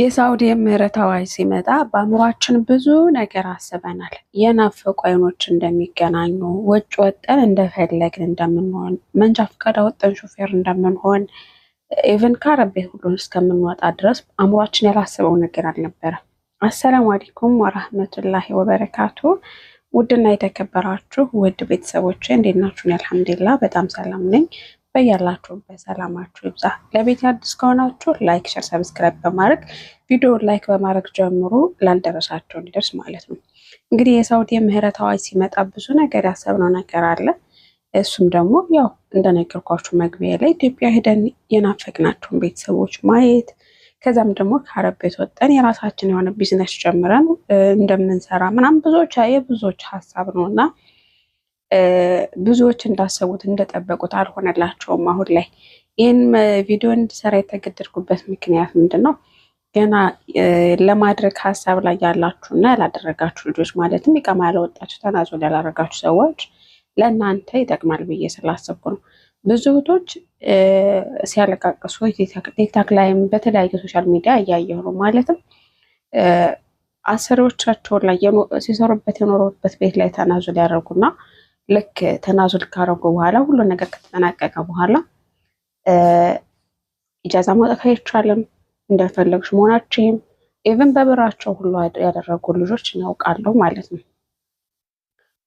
የሳውዲ ምህረት አዋጅ ሲመጣ በአእምሯችን ብዙ ነገር አስበናል። የናፈቁ አይኖች እንደሚገናኙ ውጭ ወጠን እንደፈለግን እንደምንሆን፣ መንጃ ፈቃድ አወጠን ሾፌር እንደምንሆን፣ ኢቨን ከአረቤ ሁሉን እስከምንወጣ ድረስ አእምሯችን ያላስበው ነገር አልነበረም። አሰላሙ አለይኩም ወራህመቱላሂ ወበረካቱ። ውድና የተከበራችሁ ውድ ቤተሰቦች እንዴት ናችሁን? አልሐምዱሊላህ በጣም ሰላም ነኝ። በያላችሁበት ሰላማችሁ ይብዛ። ለቤት አዲስ ከሆናችሁ ላይክ፣ ሸር፣ ሰብስክራይብ በማድረግ ቪዲዮውን ላይክ በማድረግ ጀምሩ፣ ላልደረሳቸው እንዲደርስ ማለት ነው። እንግዲህ የሳውዲ የምህረት አዋጅ ሲመጣ ብዙ ነገር ያሰብነው ነገር አለ። እሱም ደግሞ ያው እንደነገርኳችሁ መግቢያ ላይ ኢትዮጵያ ሄደን የናፈቅናቸውን ቤተሰቦች ማየት ከዛም ደግሞ ከአረብ ቤት ወጠን የራሳችን የሆነ ቢዝነስ ጀምረን እንደምንሰራ ምናምን ብዙዎች የብዙዎች ሀሳብ ነው እና ብዙዎች እንዳሰቡት እንደጠበቁት አልሆነላቸውም። አሁን ላይ ይህን ቪዲዮ እንዲሰራ የተገደድኩበት ምክንያት ምንድን ነው? ገና ለማድረግ ሀሳብ ላይ ያላችሁ እና ያላደረጋችሁ ልጆች ማለትም ይቀማ ያላወጣችሁ ተናዞል ያላደረጋችሁ ሰዎች ለእናንተ ይጠቅማል ብዬ ስላሰብኩ ነው። ብዙ እህቶች ሲያለቃቅሱ ቲክታክ ላይም በተለያየ ሶሻል ሚዲያ እያየሁ ነው። ማለትም አሰሪዎቻቸውን ላይ ሲሰሩበት የኖሩበት ቤት ላይ ተናዞል ያደርጉና ልክ ተናዙል ካረጉ በኋላ ሁሉን ነገር ከተጠናቀቀ በኋላ ኢጃዛ ማውጣት አይቻልም፣ እንደፈለግሽ መሆናችም ኢቨን በብራቸው ሁሉ ያደረጉ ልጆች እናውቃለሁ ማለት ነው።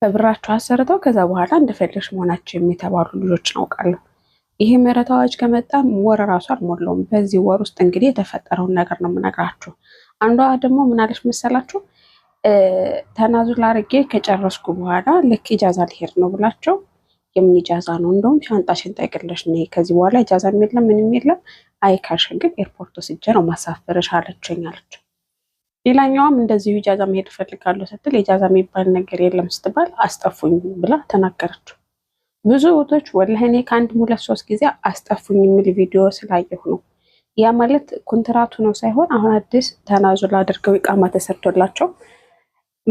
በብራቸው አሰርተው ከዛ በኋላ እንደፈለግሽ መሆናችም የተባሉ ልጆች እናውቃለሁ። ይሄ ምህረት አዋጅ ከመጣ ወር ራሱ አልሞላውም። በዚህ ወር ውስጥ እንግዲህ የተፈጠረውን ነገር ነው የምነግራችሁ። አንዷ ደግሞ ምናለች መሰላችሁ? ተናዙል አድርጌ ከጨረስኩ በኋላ ልክ ኢጃዛ ሊሄድ ነው ብላቸው የምን ኢጃዛ ነው እንደውም ሻንጣ ሸንጣ ይቅለሽ ነ ከዚህ በኋላ ጃዛ የለም ምንም የለም። አይካሽን ግን ኤርፖርት ወስጄ ነው ማሳፈረሽ አለችኝ አለችው። ሌላኛዋም እንደዚሁ ኢጃዛ መሄድ እፈልጋለሁ ስትል ኢጃዛ የሚባል ነገር የለም ስትባል አስጠፉኝ ብላ ተናገረችው። ብዙ እህቶች ወላሂ እኔ ከአንድ ሁለት ሶስት ጊዜ አስጠፉኝ የሚል ቪዲዮ ስላየሁ ነው። ያ ማለት ኮንትራቱ ነው ሳይሆን አሁን አዲስ ተናዙል አድርገው ኢቃማ ተሰርቶላቸው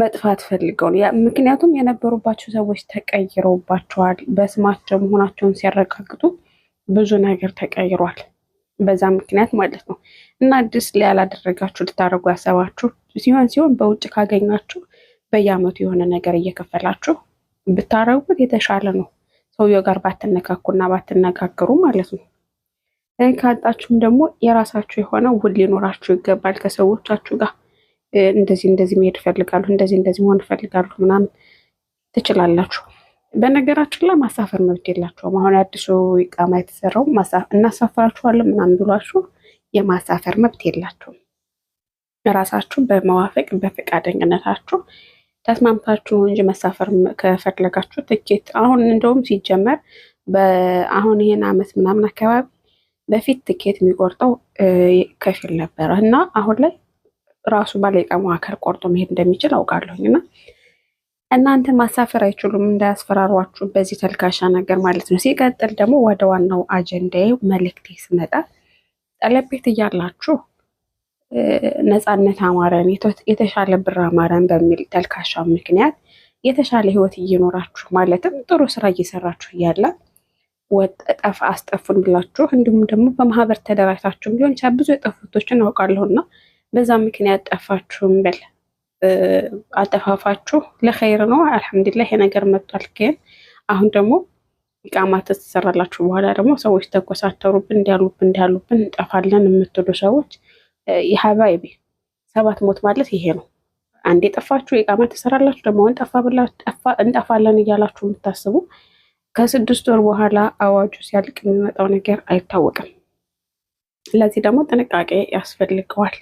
መጥፋት ፈልገው ነው። ምክንያቱም የነበሩባቸው ሰዎች ተቀይረውባቸዋል። በስማቸው መሆናቸውን ሲያረጋግጡ ብዙ ነገር ተቀይሯል። በዛ ምክንያት ማለት ነው እና አዲስ ላይ ያላደረጋችሁ ልታደረጉ ያሰባችሁ ሲሆን ሲሆን በውጭ ካገኛችሁ በየአመቱ የሆነ ነገር እየከፈላችሁ ብታረጉት የተሻለ ነው። ሰውየው ጋር ባትነካኩና ባትነጋገሩ ማለት ነው። ካጣችሁም ደግሞ የራሳችሁ የሆነ ውል ሊኖራችሁ ይገባል ከሰዎቻችሁ ጋር እንደዚህ እንደዚህ መሄድ እፈልጋለሁ፣ እንደዚህ እንደዚህ መሆን እፈልጋለሁ ምናምን ትችላላችሁ። በነገራችን ላይ ማሳፈር መብት የላቸውም። አሁን አዲሱ ኢቃማ የተሰራው እናሳፍራችኋለን ምናምን ብሏችሁ የማሳፈር መብት የላቸውም። ራሳችሁ በመዋፈቅ በፈቃደኝነታችሁ ተስማምታችሁ እንጂ መሳፈር ከፈለጋችሁ ትኬት አሁን እንደውም ሲጀመር አሁን ይሄን አመት ምናምን አካባቢ በፊት ትኬት የሚቆርጠው ከፊል ነበረ እና አሁን ላይ ራሱ ባለቀሙ አካል ቆርጦ መሄድ እንደሚችል አውቃለሁኝ እና እናንተ ማሳፈር አይችሉም፣ እንዳያስፈራሯችሁ በዚህ ተልካሻ ነገር ማለት ነው። ሲቀጥል ደግሞ ወደ ዋናው አጀንዳዬ መልእክቴ ስመጣ ጠለብ ቤት እያላችሁ ነፃነት አማረን የተሻለ ብር አማረን በሚል ተልካሻ ምክንያት የተሻለ ህይወት እየኖራችሁ ማለትም ጥሩ ስራ እየሰራችሁ እያለ ወጠጠፍ አስጠፉን ብላችሁ እንዲሁም ደግሞ በማህበር ተደራጅታችሁም ሊሆን ብዙ የጠፉቶችን አውቃለሁና በዛ ምክንያት ጠፋችሁም በል አጠፋፋችሁ ለኸይር ነው። አልሐምዱሊላህ ይሄ ነገር መጥቷል። ግን አሁን ደግሞ ኢቃማ ተሰራላችሁ በኋላ ደግሞ ሰዎች ተኮሳተሩብን እንዲያሉብን እንዲያሉብን እንጠፋለን የምትሉ ሰዎች የሀባይቢ ሰባት ሞት ማለት ይሄ ነው። አንዴ ጠፋችሁ ኢቃማ ተሰራላችሁ ደግሞ እንጠፋለን እያላችሁ የምታስቡ ከስድስት ወር በኋላ አዋጁ ሲያልቅ የሚመጣው ነገር አይታወቅም። ስለዚህ ደግሞ ጥንቃቄ ያስፈልገዋል።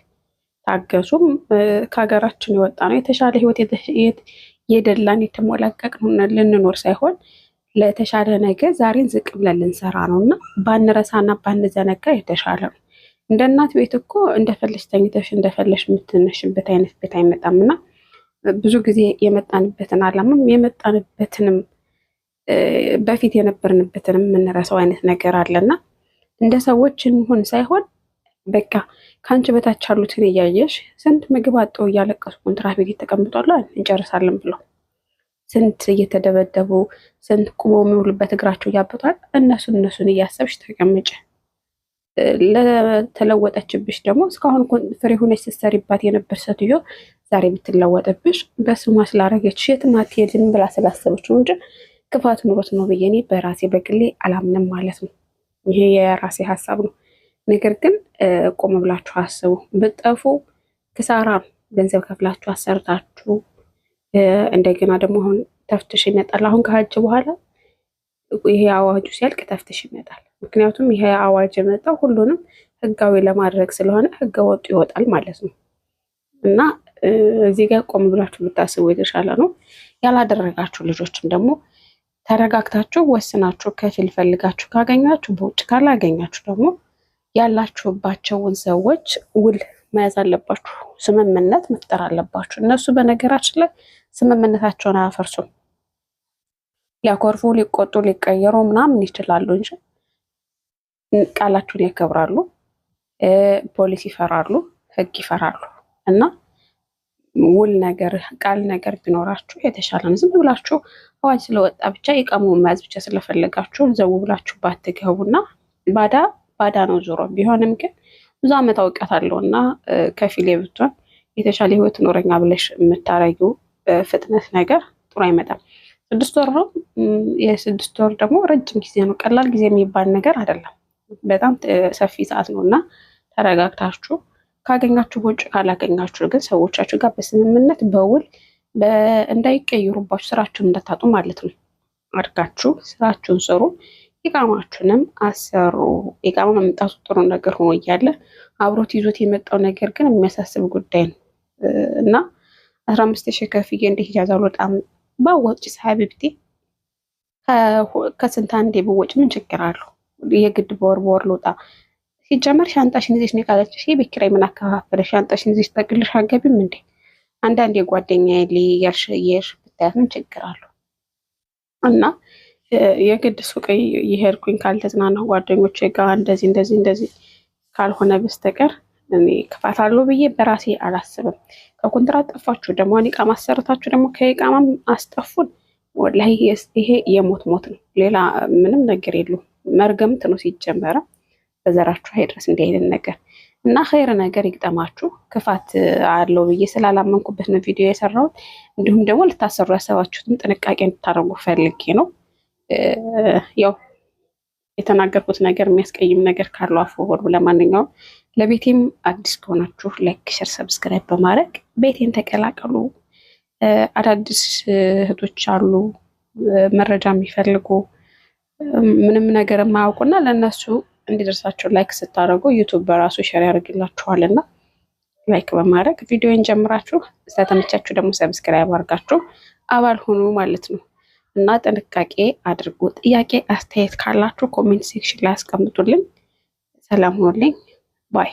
ታገሱም። ከሀገራችን የወጣ ነው የተሻለ ህይወት የደላን የተሞላቀቅ ልንኖር ሳይሆን ለተሻለ ነገ ዛሬን ዝቅ ብለን ልንሰራ ነው እና ባንረሳና ባንዘነጋ የተሻለ ነው። እንደ እናት ቤት እኮ እንደፈለሽ ተኝተሽ እንደፈለሽ የምትነሽበት አይነት ቤት አይመጣም እና ብዙ ጊዜ የመጣንበትን አላማም የመጣንበትንም በፊት የነበርንበትንም የምንረሳው አይነት ነገር አለና እንደ ሰዎች እንሁን ሳይሆን በቃ ከአንቺ በታች ያሉትን እያየሽ ስንት ምግብ አጠው እያለቀሱ ኮንትራት ቤት ተቀምጧል፣ እንጨርሳለን ብለው ስንት እየተደበደቡ ስንት ቁመው የሚውሉበት እግራቸው እያበቷል። እነሱ እነሱን እያሰብሽ ተቀምጭ። ለተለወጠችብሽ ደግሞ እስካሁን ፍሬ ሆነች ስትሰሪባት የነበር ሴትዮ ዛሬ ብትለወጥብሽ በስሟ ስላረገች የትም አትሄድም ብላ ስላሰበችው እንጂ ክፋት ኑሮት ነው ብዬ እኔ በራሴ በግሌ አላምንም ማለት ነው። ይሄ የራሴ ሀሳብ ነው። ነገር ግን ቆም ብላችሁ አስቡ። ብጠፉ ክሳራ ገንዘብ ከፍላችሁ አሰርታችሁ እንደገና ደግሞ አሁን ተፍትሽ ይመጣል። አሁን ከሀጅ በኋላ ይሄ አዋጁ ሲያልቅ ተፍትሽ ይመጣል። ምክንያቱም ይሄ አዋጅ የመጣው ሁሉንም ህጋዊ ለማድረግ ስለሆነ ህገ ወጡ ይወጣል ማለት ነው እና እዚህ ጋር ቆም ብላችሁ ብታስቡ የተሻለ ነው። ያላደረጋችሁ ልጆችም ደግሞ ተረጋግታችሁ ወስናችሁ ከፊል ፈልጋችሁ ካገኛችሁ በውጭ ካላገኛችሁ ደግሞ ያላችሁባቸውን ሰዎች ውል መያዝ አለባችሁ። ስምምነት መፍጠር አለባችሁ። እነሱ በነገራችን ላይ ስምምነታቸውን አያፈርሱም። ሊያኮርፉ፣ ሊቆጡ፣ ሊቀየሩ ምናምን ይችላሉ እንጂ ቃላችሁን ያከብራሉ። ፖሊስ ይፈራሉ፣ ህግ ይፈራሉ እና ውል ነገር ቃል ነገር ቢኖራችሁ የተሻለ ነው። ዝም ብላችሁ አዋጅ ስለወጣ ብቻ የቀሙ መያዝ ብቻ ስለፈለጋችሁ ዘው ብላችሁ እና ባዳ ባዳ ነው ዙሮ ቢሆንም ግን ብዙ ዓመት አውቀት አለው እና ከፊሌ ብትሆን የተሻለ ህይወት ኖረኛ ብለሽ የምታረጊው ፍጥነት ነገር ጥሩ አይመጣም። ስድስት ወር ነው። የስድስት ወር ደግሞ ረጅም ጊዜ ነው። ቀላል ጊዜ የሚባል ነገር አይደለም። በጣም ሰፊ ሰዓት ነው እና ተረጋግታችሁ ካገኛችሁ ውጭ ካላገኛችሁ ግን ሰዎቻችሁ ጋር በስምምነት በውል እንዳይቀይሩባችሁ ስራችሁን እንዳታጡ ማለት ነው አድርጋችሁ ስራችሁን ስሩ። ኢቃማችሁንም አሰሩ። ኢቃማ መምጣቱ ጥሩ ነገር ሆኖ እያለ አብሮት ይዞት የመጣው ነገር ግን የሚያሳስብ ጉዳይ ነው እና አስራ አምስት ሺህ ከፍዬ እንደ ሂጃዛ አልወጣም ባወጭ ሳቢብቴ ከስንት አንዴ ብወጭ ምን ችግር አለው? የግድ በወር በወር ልውጣ ሲጀመር ሻንጣሽን ይዘሽ ነው ካለችሽ የቤት ኪራይ ምን አከፋፈለ? ሻንጣሽን ይዘሽ ጠቅልሽ አገቢም እንዴ? አንዳንዴ ሊ ያልሽ ብታያት ምን ችግር አለው እና የግድ ሱቅ የሄድኩኝ ካልተዝናናሁ ጓደኞቼ ጋር እንደዚህ እንደዚህ እንደዚህ ካልሆነ በስተቀር እኔ ክፋት አለው ብዬ በራሴ አላስብም። ከኮንትራት ጠፋችሁ ደግሞ እቃ ማሰረታችሁ ደግሞ ከቃማም አስጠፉን። ወላሂ ይሄ የሞት ሞት ነው፣ ሌላ ምንም ነገር የለውም። መርገምት ነው ሲጀመረ በዘራችሁ አይድረስ እንዲህ አይነት ነገር እና ኸይር ነገር ይግጠማችሁ። ክፋት አለው ብዬ ስላላመንኩበት ነው ቪዲዮ የሰራሁት። እንዲሁም ደግሞ ልታሰሩ ያሰባችሁትም ጥንቃቄ እንድታደርጉ ፈልጌ ነው። ያው የተናገርኩት ነገር የሚያስቀይም ነገር ካለው አፎወር ለማንኛውም ለቤቴም አዲስ ከሆናችሁ ላይክ፣ ሸር፣ ሰብስክራይብ በማድረግ ቤቴን ተቀላቀሉ። አዳዲስ እህቶች አሉ መረጃ የሚፈልጉ ምንም ነገር የማያውቁና ለእነሱ እንዲደርሳቸው ላይክ ስታደርጉ ዩቱብ በራሱ ሸር ያደርግላችኋልና ላይክ በማድረግ ቪዲዮን ጀምራችሁ ስለተመቻችሁ ደግሞ ሰብስክራይብ አድርጋችሁ አባል ሆኑ ማለት ነው። እና ጥንቃቄ አድርጉ። ጥያቄ አስተያየት ካላችሁ ኮሜንት ሴክሽን ላይ አስቀምጡልኝ። ሰላም ሁኑልኝ ባይ